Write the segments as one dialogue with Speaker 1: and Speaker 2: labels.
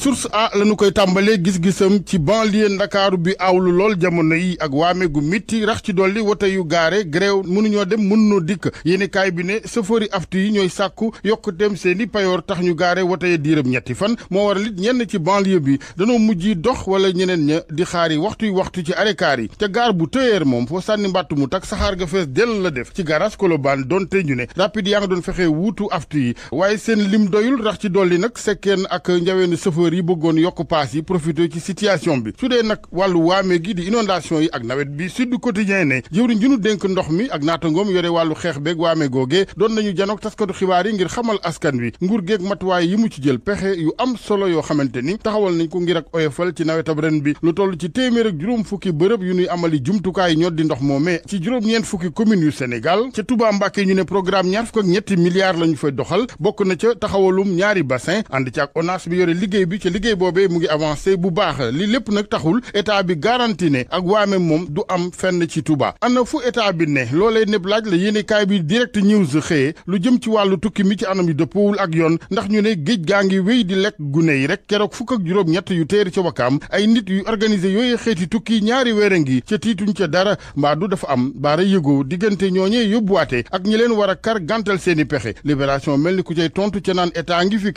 Speaker 1: source a la ñu koy tàmbalee gis-gisam ci banlieue ndakaaru bi aawlu lool jamono yi ak waame gu mitti rax ci dolli wote yu gaare gréew mënuñoo dem mënuñoo dikk yéeni kaay bi ne safari aftu yi ñooy sàkku yokkuteem seen i payoor tax ñu gaare wote ya diiram ñetti fan moo waral ñenn ci banlieue bi danoo mujj dox wala ñeneen ña di xaari waxtuy waxtu ci arekaar yi ca gaar bu tëyeer moom foo sànni mbàttu mu tak saxaar ga fees dell la def ci garage Colobane donte ñu ne rapide doon fexe wuutu aftu yi waaye seen lim doyul rax ci dolli nag sekkeen ak njaweenu safari joueur yi bëggoon yokk paas yi profité ci situation bi su dee nag wàllu waamee gi di inondation yi ak nawet bi Sud Quotidien ne jëwriñ ju nu ndox mi ak naatangoom yore wàllu xeex beeg waame doon nañu janoog taskatu xibaar ngir xamal askan wi nguur geeg matuwaay yi mu ci jël pexe yu am solo yoo xamante ni taxawal nañ ko ngir ak oyofal ci nawetab ren bi lu toll ci téeméer ak juróom fukki bërëb yu nuy amali jumtukaay ñod di ndox moomee ci juróom-ñeent fukki communes yu Sénégal ca Touba Mbàkke ñu ne programme ñaar fukk ak ñetti milliards la ñu fay doxal bokk na ca taxawalum ñaari bassin ànd ci ak ONAS bi yore liggéey bi ci liggéey boobee mu ngi avancé bu baax li lépp nag taxul état bi garanti ne ak waame moom du am fenn ci Touba ana fu état bi ne loolee népp laaj la yéenekaay bi direct news xëye lu jëm ci wàllu tukki mi ci anam yi dëppowul ak yoon ndax ñu ne géej gaa ngi wéy di lekk gune yi rek keroog fukk ak juróom ñett yu téer ca wakaam ay nit yu organisé yooyu xeeti tukki ñaari wéere ngi ca tiituñ ca dara mbaa du dafa am baara yëgoo diggante ñooñee yóbbuwaate ak ñi leen war a kar gàntal seeni pexe libération mel ni ku cay tontu naan état ngi fi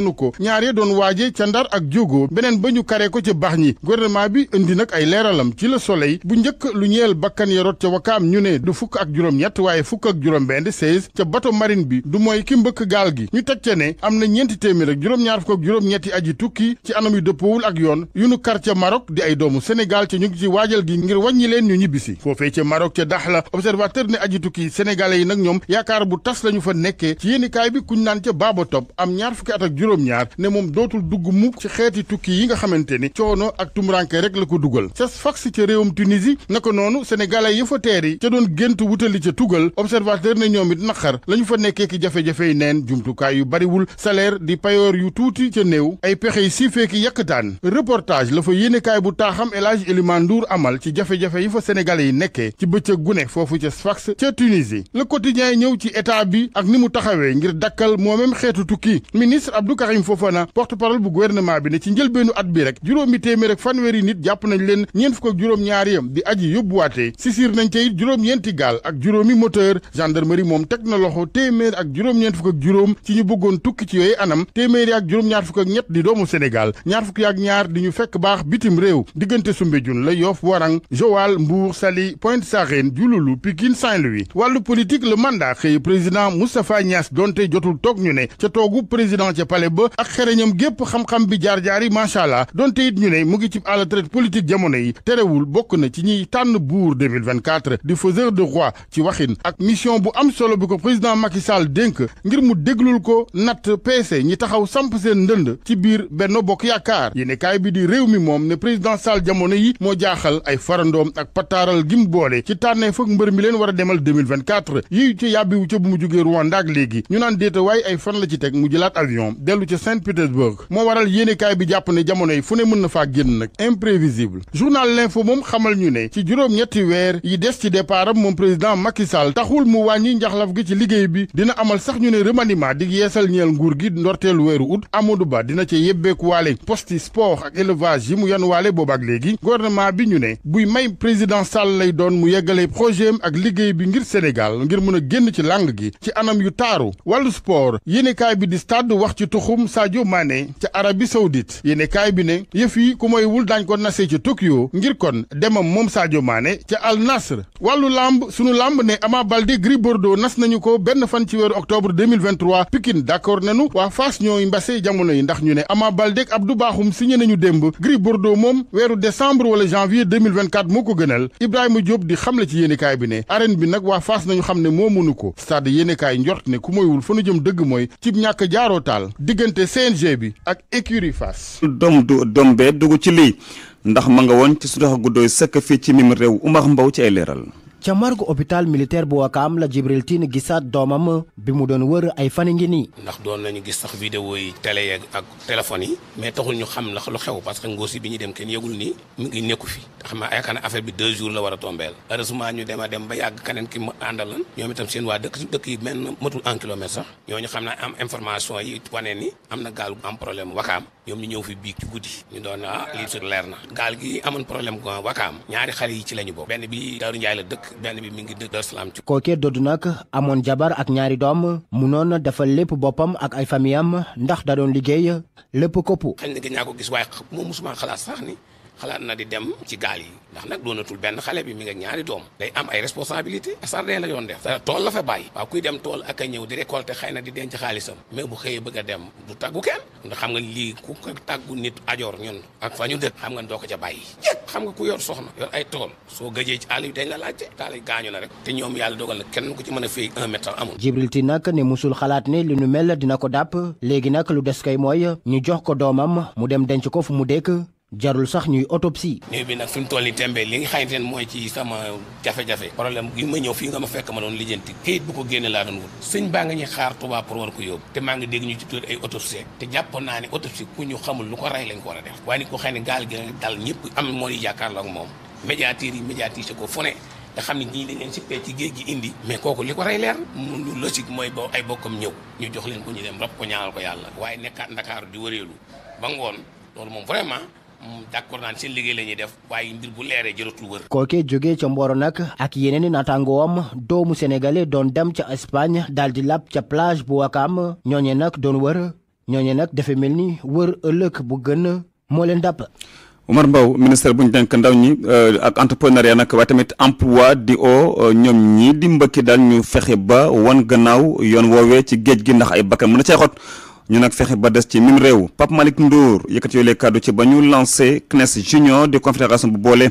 Speaker 1: nanu ko ñaar ya doon waaje ca ndar ak jógo beneen ba ñu kare ko ca bax ñi gouvernement bi indi nag ay leeralam ci le soleil bu njëkk lu ñeel bakkan ya ca wakaam ñu ne du fukk ak juróom-ñett waaye fukk ak juróom-benn seize ca bato du mooy ki mbëkk gaal gi ñu teg ca ne na ñeenti téeméer ak juróom-ñaar fukk ak juróom-ñetti aji tukki ci anam yu ak yoon yu nu kar ca Maroc di ay doomu Sénégal ca ñu ngi ci waajal gi ngir wàññi leen ñu ñibbisi foofee ca Maroc ca Dakhla observateur ne aji tukki sénégalais yi nag ñoom yaakaar bu tas lañu fa nekkee ci yéenikaay bi kuñ juróom-ñaar ne moom dootul dugg mukk ci xeeti tukki yi nga xamante ni coono ak tumuranke rek la ko dugal ca fax ca réewum Tunisie naka noonu sénégalais yi fa teer yi ca doon gént wutali ca tugal observateur ne ñoom it naqar la ñu fa nekkee ki jafe-jafey neen jumtukaay yu bariwul salaire di payoor yu tuuti ca néew ay pexe pexey siifee ki yàkkataan reportage la fa yéenekaay bu taaxam El Hadj Eliman amal ci jafe-jafe yi fa sénégalais yi nekkee ci bëccëg gu ne foofu ca Sfax ca Tunisie le quotidien ñëw bi ak ni mu taxawee ngir dakkal moo même tukki Karim Fofana porte-parole bu gouvernement bi ne ci njëlbeenu at bi rek juróomi téeméer ak fanweeri nit jàpp nañ leen ñeent fukk ak juróom ñaari yam di aji yóbbuwaatee sisir nañ ca it juróom-ñeenti gaal ak juróomi moteur gendarmerie moom teg na loxo téeméer ak juróom-ñeent fukk ak juróom ci ñu bëggoon tukki ci yooyu anam téeméeri ak juróom-ñaar fukk ak ñett di doomu Sénégal ñaar fukk ak ñaar di ñu fekk baax bitim réew diggante Soumbédioune la Yoff Warang Joal Mbour Saly Pointe Sarène Diouloulou Pikine ñu ne ba ak xereñam gépp xam-xam bi jaar-jaar yi macha allah donte it ñu ne mu ngi ci à la traite politique jamono yi terewul bokk na ci ñiy tànn buur 2024 di faiseur de roi ci waxin ak mission bu am solo bi ko président Macky Sall dénk ngir mu déglul ko natt peese ñi taxaw samp seen ndënd ci biir Benno Bokk Yaakaar yéenekaay bi di réew mi moom ne président Sall jamono yi moo jaaxal ay farandoom ak pataaral gim boole ci tànnee foog mbër mi leen war a demal 2024 yi ci yàbbiwu ca bu mu jógee ñu naan déeta waaye ay fan la ci teg mu jëlaat avion dellu ca Saint Petersburg moo waral yéenekaay bi jàpp ne jamono fu ne mën na faa génn imprévisible journal l'info moom xamal ñu ne ci juróom-ñetti weer yi des ci départ am moom président Macky Sall taxul mu wàññi njaxlaf gi ci liggéey bi dina amal sax ñu ne remaniement di yeesal ñeel nguur gi ndorteelu weeru ut Amadou Ba dina ca yebbeekuwaale poste sport ak élevage yi mu yan waale boobu ak léegi gouvernement bi ñu ne buy may président Sall lay doon mu yeggale projet ak liggéey bi ngir Sénégal ngir mën a génn ci làng gi ndoxum Sadio Mané ca Arabie Saoudite yéene bi ne yëf yi ku mooy wul daañ ko nase ca Tokyo ngir kon demam moom Sadio Mané ca Al Nassr wàllu lamb sunu lamb ne Ama Baldé Gris Bordeaux nas nañu ko benn fan ci weeru octobre 2023 Pikine d'accord nanu waa Fass ñooy mbase jamono yi ndax ñu ne Ama Baldé ak Abdou Bakhoum signé nañu démb Gris Bordeaux moom weeru décembre wala janvier 2024 moo ko gënal Ibrahima Diop di xamle ci yéenekaay bi ne arène bi nag waa Fass nañu xam ne moo mënu ko stade yéenekaay njort ne ku moywul fa nu jëm mooy cib ñàkk jaaroo diggante CNG bi ak écurie Fass. dom du doom bee dugg ci li ndax ma nga woon ci su tax guddooy
Speaker 2: sëkk fii ci mim réew Umar Mbow ci ay leeral.
Speaker 3: ca morgue opital militaire bu Wakaam la Djibril Tine gisaat doomam bi mu doon wër ay fan ngi nii.
Speaker 4: ndax doon nañu gis sax vidéo yi télé yeeg ak téléphone yi. mais taxul ñu xam ndax lu xew parce que ngóosi bi ñu dem kenn yëgul nii mu ngi nekku fi. te xam affaire bi deux jours la war a tombeel heureusement ñu dem dem ba yàgg keneen ki mu àndal lan ñoom tam seen waa dëkk dëkk yi mel matul un kilomètre sax ñooñu xam na am information yi wane ni am na gaal gu am problème Wakaam ñu ñëw fi biig ci ñu doon ah, leer na gaal gi amoon problème Wakaam ñaari xale yi ci lañu bokk benn bi la dëkk benn bi mi ngi dëkk Daaru Salaam ci
Speaker 3: kookee doddu nag amoon jabar ak ñaari doom munoon dafa lépp boppam ak ay famiyam ndax da liggéey lépp kopp
Speaker 4: xëy na ñaa ko gis waaye moom musuma xalaat sax ni xalaat na di dem ci gaal yi ndax nag doonatul benn xale bi mi nga ñaari doom day am ay responsabilité a la yoon def sa tool la fa bàyyi waaw kuy dem tool ak a ñëw di récolter xay na di denc xaalisam mais bu xëyee bëgg a dem du tàggu kenn ndax xam nga lii ku ko tàggu nit ajoor ñun ak fa ñu dëkk xam nga doo ko ca bàyyi xam nga ku yor soxna yor ay tool soo gëjee ci àll bi dañ la laajte taal gaañu na rek te ñoom yàlla dogal na kenn ku ci mën a fay un mètre amul
Speaker 3: Jibril Tine nag ne musul xalaat ni li nu mel dina ko dàpp léegi nag lu des kay mooy ñu jox ko doomam mu dem denc ko fu mu dëkk jarul sax ñuy autopsie.
Speaker 4: néew bi nag fi mu toll nii tembe li nga xamante ne mooy ci sama jafe-jafe. problème bi ma ñëw fii nga ma fekk ma doon lijjanti këyit bu ko génne laa doon wut. sëñ baa nga ñuy xaar tubaab pour war ko yóbbu. te maa ñu ci a def. moo di jàkkaarloo moom. médiateur yi médiatisé ko fu ne nga ne ñii dañ leen gi indi mais kooku li ko rey leer lu logique mooy bo ay bokkam ñëw ñu jox leen ko ñu dem rab ko ñaanal ko yàlla waaye nekkaat ndakaaru di wëreelu ba ngoon loolu moom vraiment Mm, d'accord naan seen liggéey la ñuy def waaye mbir bu leeree
Speaker 3: jëratul kookee jógee ca Mboro nag ak yeneen i naataangoom doomu sénégalais doon dem ca Espagne daal di lab ca plage bu Wakaam ñooñe nag doon wër ñooñe nag dafa mel ni wër ëllëg bu gën moo leen dàpp.
Speaker 2: Omar Mbow ministère bu ñu dénk ndaw ñi euh, ak entrepreneuriat nag waaye tamit emploi di o euh, ñoom ñii di mbëkki daal ñu fexe ba wan gannaaw yoon woowee ci géej gi ndax ay bakkan mën na cee xot. ñu nag fexe ba des ci mim réew Pape Malick Ndour yëkkati yoolee kàddu ci ba ñu lancé CNES junior di confédération bu boole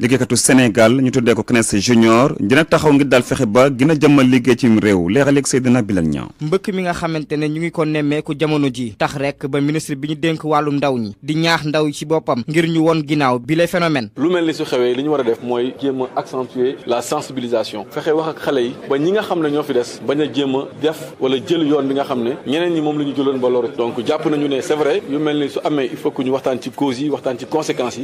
Speaker 2: liggéeykatu Sénégal ñu tuddee ko CNES junior dina taxaw ngir daal fexe ba gën a jëmmal liggéey ci réew leeral ak Seydina Bilal Niang
Speaker 5: mbëkk mi nga xamante ne ñu ngi ko nemmeeku jamono ji tax rek ba ministre bi ñu dénk wàllum ndaw ñi di ñaax ndaw yi ci boppam ngir ñu woon ginnaaw bi lay phénomène lu mel ni su
Speaker 6: xewee li ñu war a def mooy jéem a accentuer la sensibilisation fexe wax ak xale yi ba ñi nga xam ne ñoo fi des bañ a jéem a def wala jël yoon bi nga xam ne ñeneen ñi moom la ñu jëloon ba loru jàpp nañu ne c'est vrai yu mel ni su amee il faut que yi waxtaan ci conséquences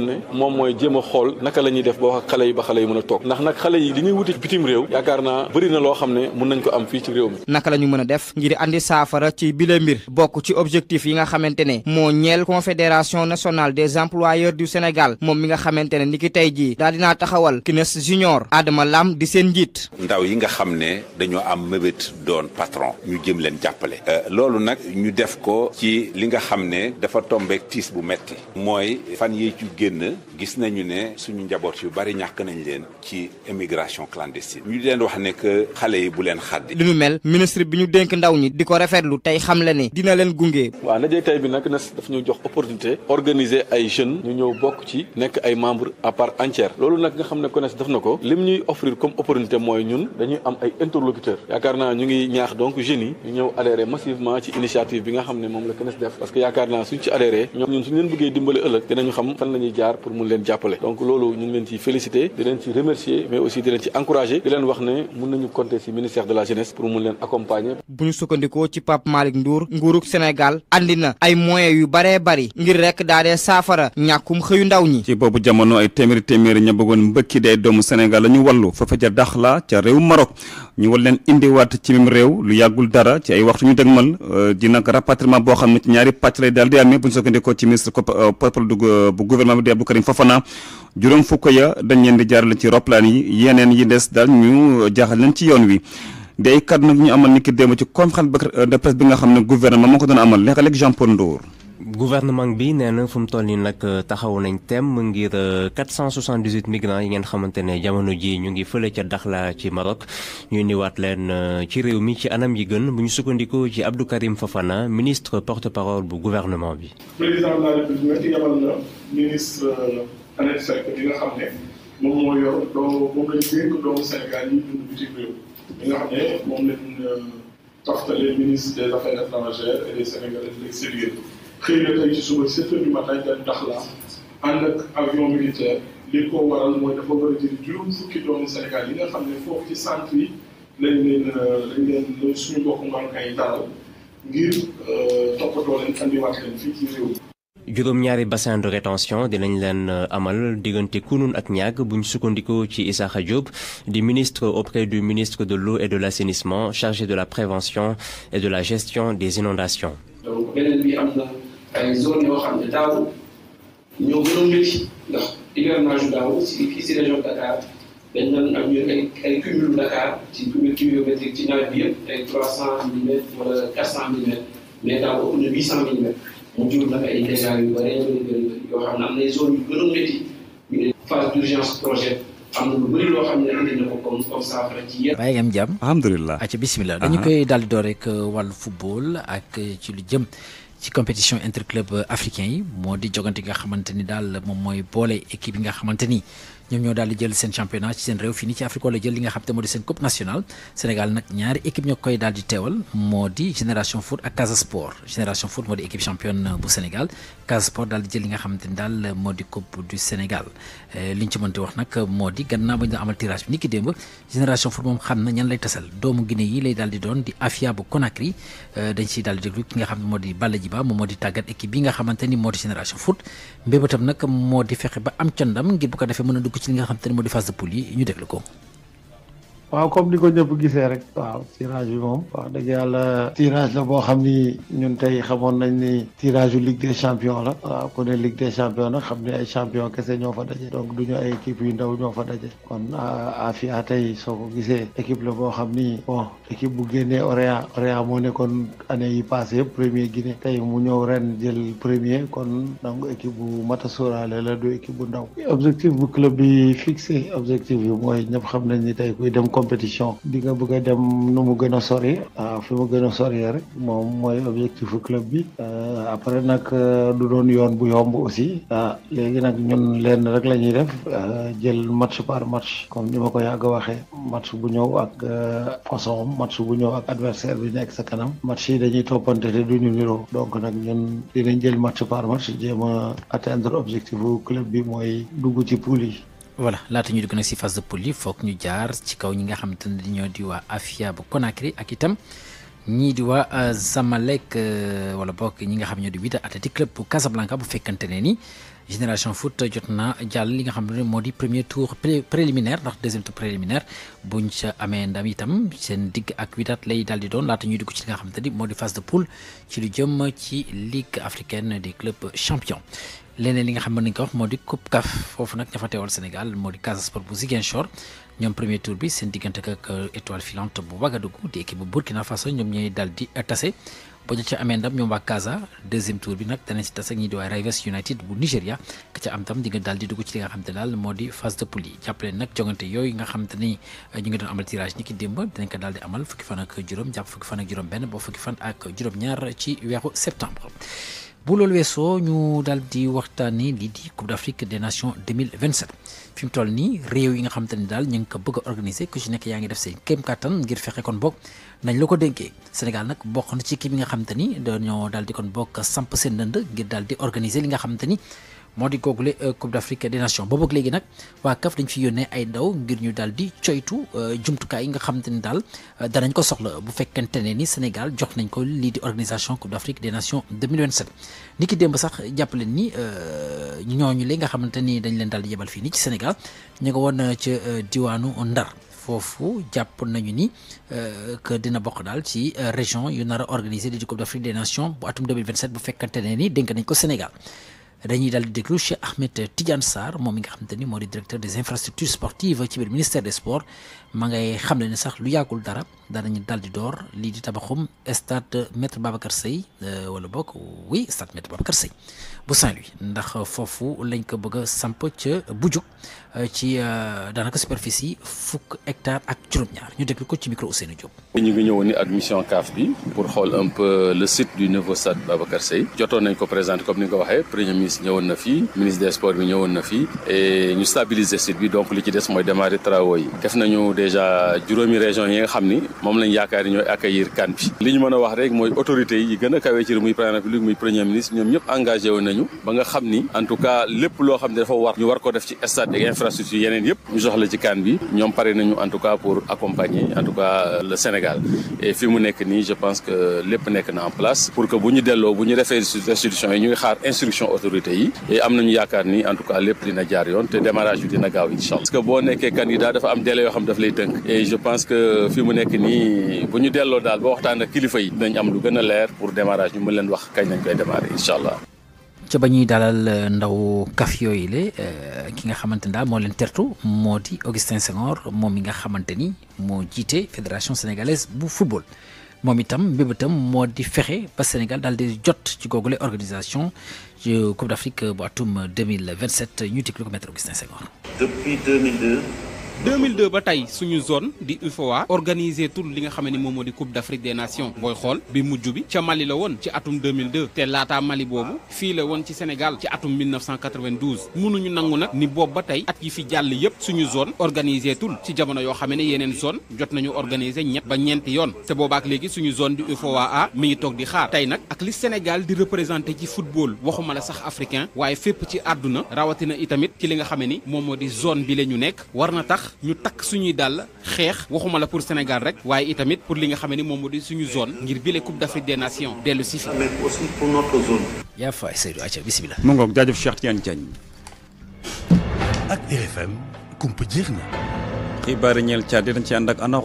Speaker 6: ñu ne moom mooy jéem a xool naka la def ba wax ak ba xale mën a toog ndax nag xale yi li ñuy wuti bitim réew yaakaar naa bëri na loo xam ne mën nañ ko am fii ci réew mi
Speaker 5: naka la mën a def ngir andi saafara ci bile bokk ci objectif yi nga xamante ne moo ñeel confédération nationale des employeurs du Sénégal moom mi nga xamante ne ni ki tey jii daal dinaa taxawal CNES junior Adama Lam di seen njiit
Speaker 2: ndaw yi nga xam ne dañoo am mébét doon patron ñu jëm leen jàppale euh, loolu nag ñu def ko ci li xam ne dafa tombeek tiis bu metti génn gis nañu ne suñu njaboot yu bari ñàkk nañ leen ci émigration clandestine ñu leen
Speaker 6: wax ne que xale yi bu leen xàddi
Speaker 5: li nu mel ministre bi ñu dénk ndaw ñi di ko rafetlu tey xam la ne dina leen gunge.
Speaker 6: waaw ndaje tey bi nag nas daf ñu jox opportunité organiser ay jeunes ñu ñëw bokk ci nekk ay membres à part entière loolu nag nga xam ne CONES def na ko lim ñuy offrir comme opportunité mooy ñun dañuy am ay interlocuteurs yaakaar naa ñu ngi ñaax donc ci initiative bi nga xam ne moom la CONES def jaar pour mun leen jàppale donc loolu ñu ngi leen ci félicité di leen ci remercier mais aussi di leen ci encouragé di leen wax ne mun nañu compter ci ministère de la jeunesse pour mun leen accompagner.
Speaker 5: bu ñu sukkandikoo ci Pape Malick Ndour nguurug Sénégal andi ay moyens yu baree bari ngir rek daa dee saafara xëyu ndaw
Speaker 2: ñi. ci boobu jamono ay téeméeri téeméeri ña bëggoon mbëkki day doomu Sénégal la wallu fa fa ca ca réew Maroc ñu wal leen indiwaat ci réew di Abdou Karim Fofana juróom fukk ya dañ leen di jaarale ci roplaan yi yeneen yi des daal ñu jaaxal leen ci yoon wi di ay kàddu nag ñu amal ni ki démb ci ba euh, de presse bi nga xam ne gouvernement moo ko doon amal léeg-léeg Jean Paul Ndour
Speaker 3: bi nee na fu mu toll nii nag euh, taxaw nañ temm ngir 478 euh, migrants yi ngeen xamante ne jamono ji ñu ngi fële ca Dakhla ci Maroc ñu indiwaat leen ci réew mi ci anam yi gën bu ñu sukkandikoo ci Abdou Karim Fofana ministre porte-parole bu gouvernement bi.
Speaker 1: président de la ministre euh,
Speaker 4: Annette Seck bi nga xam ne moom moo yor doomu moom lañ dénk doomu Sénégal
Speaker 1: yi dund bitim réew bi nga xam ne moom lañ euh, toftale ministre des affaires étrangères des Sénégalais de l'extérieur xëy na tey ci suba sept heures du matin dem Dakhla ànd ak avion militaire li ko waral mooy dafa war a jël juróom fukki doomu yi nga xam ne foofu ci
Speaker 4: centre yi lañ leen euh, lañ leen suñu mbokku mankaay yi dalal ngir
Speaker 2: toppatoo leen andiwat leen fii ci réew mi
Speaker 3: juróom ñaari bassin de rétention dinañ leen euh, amal diggante Kounoune ak Niague buñ ñu ci Isaaxa Diop di ministre auprès du ministre de l'eau et de l'assainissement chargé de la prévention et de la gestion des inondations
Speaker 4: donc beneen am na ay zone yoo xam ne daaw ñoo gën a métti ndax hivernage mu jur nag ay dégâts yu am na am na lu bëri ci yéen.
Speaker 7: bàyyi ngeen dañu koy daal di door rek euh, wàllu football ak euh, ci lu jëm. ci compétition interclub euh, africain yi moo di jogante nga xamante ni daal moom mooy boole équipe yi nga xamante ni ñoom ñoo daal jël seen championnat ci seen réew fii nii ci Afrique la jël li nga xam moo di seen coupe nationale Sénégal nag ñaari équipe ñoo koy daal teewal moo di Génération Foot ak Casa Sport Génération Foot moo di équipe championne bu Sénégal Casa Sport daal jël li nga xam ni daal moo di coupe du Sénégal euh, li ci moom xam na ñan lay tasal doomu Guinée yi lay daal doon di Afia bu Conakry euh, dañ ciy daal di ki nga xam ne moo di Balla ci li nga xam te ne moo di phase de poule yi ñu déglu ko.
Speaker 8: waaw comme ni ko ñëpp gisee rek waaw tirage bi moom wax dëgg yàlla tirage la boo xam ni ñun tey xamoon nañ ni tirage yu Ligue des champions la waaw ku ne Ligue des champions nag xam ne ay champion kese ñoo fa daje donc du ñu ay équipe yu ndaw ñoo fa daje kon Afia tey soo ko gisee équipe la boo xam ni bon équipe bu génnee Orea Orea moo nekkoon année yi passé yëpp premier Guinée tey mu ñëw ren jël premier kon donc équipe bu mata a sóoraale la du équipe bu ndaw objectif bu club bi fixé objectif bi mooy ñëpp xam nañ ni tey kuy compétition di nga bëgg a dem nu mu gën a sori waaw ah, fi mu gën a sori rek moom mooy objectifu club bi ah, après nag ah, du doon yoon bu yomb aussi ah léegi nag ñun lenn rek la ñuy def jël match par match comme ni ma ko yàgg a waxee match bu ñëw ak façon match bu ñëw ak adversaire bi nekk sa kanam match yi dañuy toppante te duñu niroo donc nag ñun dinañ jël match par match jéem a atteindre objectifu club bi mooy dugg ci poule
Speaker 7: voilà laata ñu dugg nag si fas de poule foog ñu jaar ci kaw ñi nga xamante ne ñoo di waa Afia bu Conakry ak itam. ñii di waa Zamalek euh, euh, wala bokk ñi nga xam ñoo di Wydad Athletic Club bu Casablanca bu fekkante ne ni Génération Foot jot na jàll li nga xam ne moo di premier tour préliminaire ndax deuxième tour préliminaire buñ ca amee ndam itam seen digg ak Wydad lay daal di doon laata ñuy dugg ci li nga xam xamante ni moo di phase de poule ci lu jëm ci Ligue africaine des clubs champions. leneen li nga xam ma nañ ko wax moo di Coupe CAF foofu nag ña fa teewal Sénégal moo di Casa Sport bu Ziguinchor. ñoom premier tour bi seen diggante ak euh, étoile filante bu Ouagadougou di équipe bu Burkina Faso ñoom ñooy dal di euh, tase ba ñu ca amee ndam ñoom waa Casa deuxième tour bi nag danañ si tase ak ñi di waa Rivers United bu Nigéria ca am tam di nga daal di dugg ci li nga xam te daal moo di phase de poule yi jàppaleen jongante yooyu nga xam te ni euh, ñu ngi doon amal tirage ni ki démb dinañ ko daal di amal fukki fan ak juróom jàpp fukki fan ak juróom benn ba fukki fan ak juróom ñaar ci weeru septembre bu loolu weesoo ñu daal di waxtaanee lii di Coupe d'Afrique des Nations 2027 fi mu toll nii réew yi nga xamante daal ñu ngi ko bëgg a ku ci nekk yaa ngi def seen kéem kattan ngir fexe kon bokk nañ la ko dénkee Sénégal nag bokk na ci équipe yi nga xamante ni dañoo daal di kon bokk samp seen ndënd ngir daal di organiser li nga xamante ni moo di googule euh, Coupe d'Afrique des Nations boobu ak léegi nag waa CAF dañ fi yónnee ay ndaw ngir ñu daal di coytu euh, jumtukaay yi nga xamante ni daal euh, danañ ko soxla bu fekkente ne ni Sénégal jox nañ ko lii di organisation Coupe d'Afrique des Nations 2027 ni ki démb sax jàpp leen ni ñu li nga xamante ni dañ leen daal di yebal fii nii ci Sénégal ñu ko woon ca diwaanu Ndar foofu jàpp nañu ni que dina bokk daal ci région yu nar a organisé di Coupe d'Afrique des Nations bu fekkante ne ni dénk nañ ko Sénégal dañuy daal di déglu Cheikh Ahmed Tidiane Sarr moom mi nga xamante ni moo di directeur des infrastructures sportives ci biir ministère des sports ma ngay xamle ne sax lu yàggul dara daanañu daal di door lii di tabaxum stade maître Babacar Seye euh, wala bokk oui stade maître Babacar Seye bu saint wi ndax foofu lañ ko bëgg a samp ca bu Bujuk euh, ci euh, daanaka superficie fukk hectare ak juróom-ñaar ñu déglu ko ci micro Ousseynou Diop.
Speaker 6: ñu ngi ñëwoon ni admission CAF bi pour xool un peu le site du nouveau stade Babacar Seye jotoon nañ ko présent comme ni nga ko waxee premier ministre ñëwoon na fii ministre des sports bi ñëwoon na fii et ñu stabiliser site bi donc li ci des mooy démarrer travaux yi def nañu déjà juróomi région yi nga xam ni moom lañ yaakaar ni ñooy accueillir kan bi li ñu mën a wax rek mooy autorités yi gën a kawee muy premier ministre ñoom ñëpp engagé nañu ba nga xam ni en tout cas lépp loo xam ne dafa war ñu war ko def ci stade ak infrastructure yeneen yëpp ñu soxla ci kan bi ñoom pare nañu en tout cas pour accompagner en tout cas le Sénégal et fi mu nekk nii je pense que lépp nekk na en place pour que bu ñu delloo bu ñu defee restitution yi ñuy xaar instruction autorités yi et am nañu yaakaar nii bu ñu delloo daal ba waxtaan ak kilifa yi dinañ am lu gën a leer pour démarrage ñu mën leen wax kañ lañ koy démarrer incha allah.
Speaker 7: ca ba ñuy dalal euh, ndaw kaf yooyu le euh, ki nga xamante ni daal moo leen tertu moo di Augustin Senghor moom mi nga xamante ni moo jiite fédération sénégalaise bu football moom itam mbébétam moo di fexe ba Sénégal daal di jot ci googule organisation ci Coupe d'Afrique bu atum 2027 ñu déglu ko maître Augustin Senghor. depuis 2002.
Speaker 4: 2002 ba tey suñu zone di UFOA organisé li nga xam ne moom moo di coupe d' afrique des nations booy xool bi mujj bi ca Mali la woon ci atum 2002 te laataa Mali boobu fii la woon ci Sénégal ci atum 1992 mënuñu nangu nag ni boob ba tey at yi fi jàll yëpp suñu zone organisé tul ci jamono yoo xam ne yeneen zone jot nañu organisé ñett ba ñeenti yoon te ak léegi suñu zone di UFOA mi ngi toog di xaar tey nag ak li Sénégal di représenté ci football waxuma la sax africain waaye fépp ci àdduna rawatina itamit ci li nga xam ne ni moom moo di zone bi la ñu nekk war na tax ñu takk suñuy dàll xeex waxuma la pour Sénégal rek waaye itamit pour li nga xam ne moom moo di suñu zone ngir bile Coupe d'Afrique des Nations dellu si fi. aussi pour notre zone.
Speaker 7: yaa faay Seydou Acha bisimilah.
Speaker 2: mu ngoog ak RFM kumpa jeex na. xibaar yi ñeel Tchad dinañ ci ànd ak Ana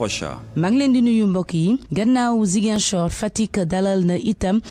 Speaker 8: leen di nuyu mbokk yi gannaaw Ziguinchor Fatick dalal na itam.